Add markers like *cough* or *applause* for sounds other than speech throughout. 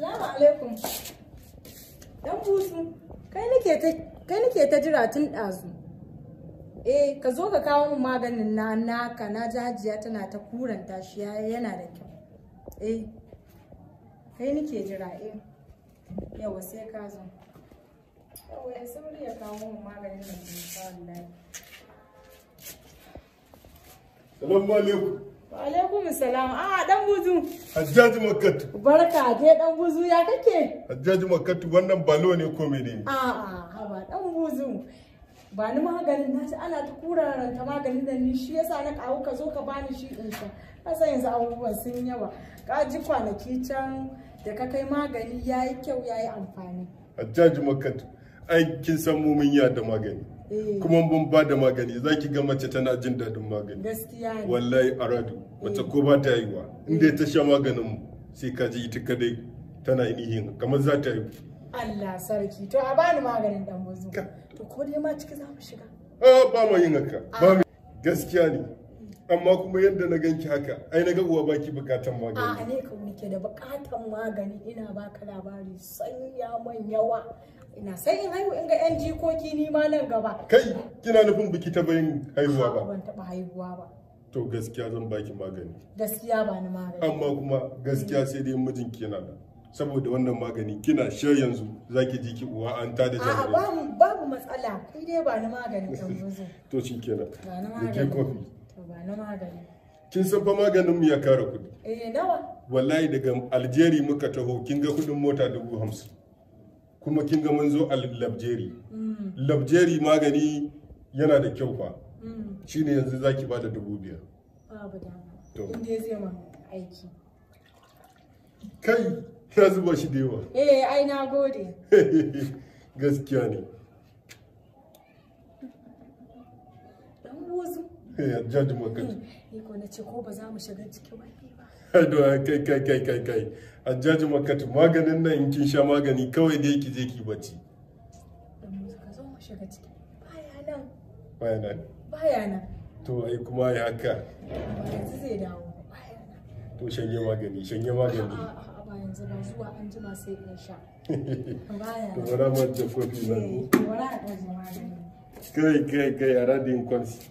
Salamu alaikum. Dan busu, kai nake ta jira tun ɗazu. Eh, ka zo ka kawo min maganin na naka na ji hajiya tana ta kuran tashi yana da kyau. Eh, kai nake jira eh. Yawa sai ka zo. Yawa ya sauri ya kawo min maganin da ke kawo lafiya. Salamu alaikum. Alaikum salam. Ah, dan buzu. Hajjaji Makkatu. Barka dai dan buzu ya kake? Hajjaji Makkatu wannan balo ne ko mene? A'a, ba dan buzu. Ba ni maganin na ana ta kuraranta maganin da ni shi yasa na kawo ka zo ka bani shi din ka Kasa yanzu abubuwan sun yawa. Ka ji kwanaki can da ka kai magani yayi kyau yayi amfani. Hajjaji Makkatu. Ai kin san mu mun yi da magani. Eh. kuma mun ba da magani za ki ga mace tana jin daɗin magani gaskiya wallahi aradu mace ko eh. ba ta yiwa inda eh. ta sha maganin mu sai ka ji ita kadai tana ainihin kamar za ta yi. Allah sarki to a bani maganin dan bozo to ko dai ma ciki za mu shiga ah ba mu yin haka ba ah. mu gaskiya ne amma kuma yadda na ganki haka ai na ga uwa baki bukatan magani a ne ka nake da bukatan magani ina baka labari sanya man yawa ina san in haihu in ga yan jikoki ni ma nan gaba kai kina nufin biki ta bayin haihuwa ba ban taba haihuwa ba to gaskiya zan baki magani gaskiya ba ni magani amma kuma gaskiya sai dai mijin kina da saboda wannan magani kina sha yanzu zaki ji ki uwa an ta da mu ba babu matsala kai dai ba ni magani kan mijin to shikenan ba ni magani kofi to ba ni magani kin san fa maganin mu ya kare kudi eh nawa wallahi daga Algeria muka taho kin ga kudin mota dubu hamsin kuma kin ga mun zo a labjeri mm. labjeri magani yana da kyau fa mm. shine yanzu zaki bada dubu biyar to aiki kai ka zuba shi da yawa eh ai na gode *laughs* gaskiya ne ya judge market kai kai kai a maganin nan in kin sha magani kawai dai ki je ki bacci to ai kuma ya haka to shanye magani shanye magani *laughs* an to wara ma jafofi eh, kai kai kai a radin kwansi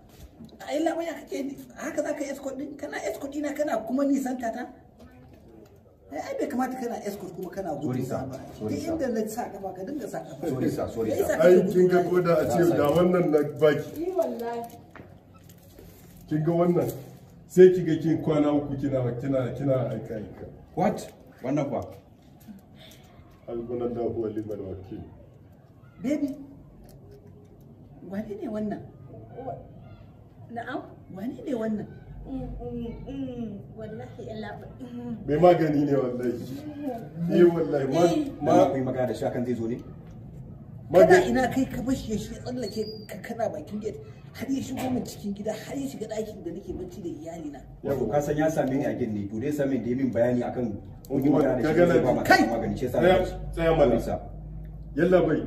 ai labai ya kake haka za ka escort din kana escort dina kana kuma nisan ta ta ai bai kamata kana escort kuma kana gudu sa ba duk inda na sa gaba ka dinga sa gaba sorry sa sorry sa ai kin ga ko da a ce da wannan na baki eh wallahi kin ga wannan sai ki ga kin kwana uku kina kina kina aika aika what wannan kwa algunan da huwa liman wakil baby wane ne wannan Na'am? Wane ne wannan? Mm, mm, mm, wallahi Allah. Mai magani ne wallahi. Ni eh, wallahi ma eh. ma akwai magana da shi akan zai zo ne? Kana ina kai ka bashi ya shi tsallake ka kana bakin gate har ya shigo min cikin gida har ya shiga ɗakin da nake bacci da iyali na. Yau ka san ya same ni a gate ne to dai same da min bayani akan wani magana da shi zai ba magani shi yasa. Tsaya malisa. Yalla bai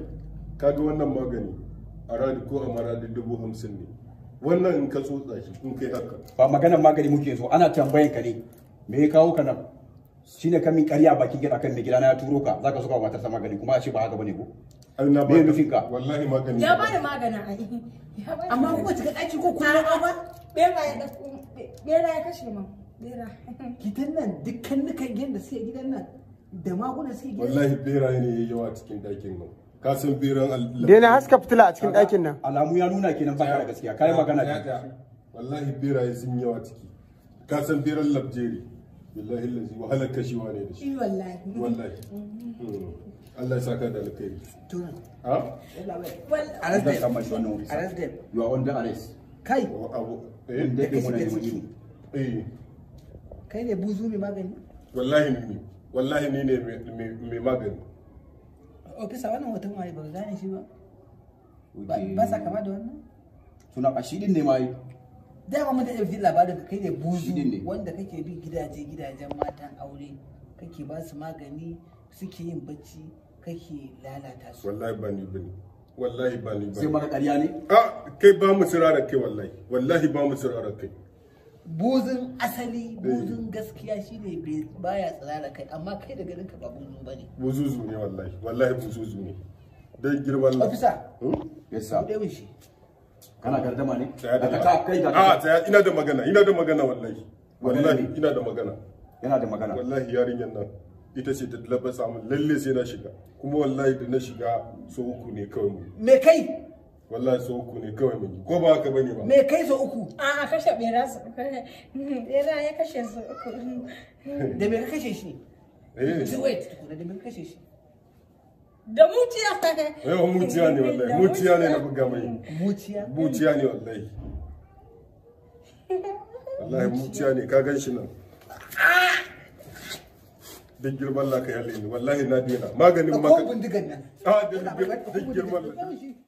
kaga wannan magani a radi ko a maradin dubu hamsin ne. wannan in ka tsotsa shi in kai haka ba maganar magani muke so ana tambayan ka ne me ya kawo ka nan shine ka min ƙarya bakin gida kan mai gida na ya turo ka zaka so ka matar sa magani kuma a ce ba haka bane ko na ba ka wallahi magani ya bani magana ai amma ko ta daki ko kuma ba bera ya bera ya kashe mu bera gidan nan dukkan nukan gidan da sai gidan nan da maguna sai gidan wallahi bera ne yayi yawa cikin dakin nan ka san biran dai na haska fitila a cikin ɗakin nan alamu ya nuna kenan ba da gaskiya kai magana da wallahi biraye sun yawa ciki ka san biran labjeri billahi lazi wahalar kashewa ne da shi eh, wallahi wallahi hmm. Allah ya saka da alkhairi to ha arrest them kamar shi wannan arrest you are under arrest kai eh da ke mun yi eh kai ne buzu mai magani wallahi ni wallahi ni ne mai magani ofisa wannan hoton waye ba gane shi ba ba sa kama da wannan suna a shi din ne ma yi dama mun da fi labarin kai ne buzu wanda kake bi gidaje gidajen matan aure kake ba su magani suke yin bacci kake lalata su wallahi ba ni bane wallahi ba ni bane sai maka ƙarya ne a ah, kai ba mu sirara kai wallahi wallahi ba mu sirara kai buzun asali eh. buzun gaskiya shine baya tsirara kai amma kai da ganin ka ba buzu bane buzuzu ne wallahi wallahi buzuzu ne dai girman ofisa hmm? yes sir dai shi kana gardama ne ka ta kai da a ah, tsaya ina da magana ina da magana wallahi wallahi ina da magana yana da magana wallahi yarinyar nan ita ce ta labasa mun lalle sai na shiga kuma wallahi da na shiga so uku ne kawai mu me kai wallahi so uku ne kawai mun ko ba haka bane ba me kai so uku a a kashe bera su bera ya kashe su uku da me ka kashe shi eh wait tukuna da me ka kashe shi da muciya eh muciya ne wallahi muciya ne na buga mai muciya muciya ne wallahi wallahi muciya ne ka gan shi nan duk girman laka ya ni wallahi na dina maganin maka ko bindigan nan a ah, duk girman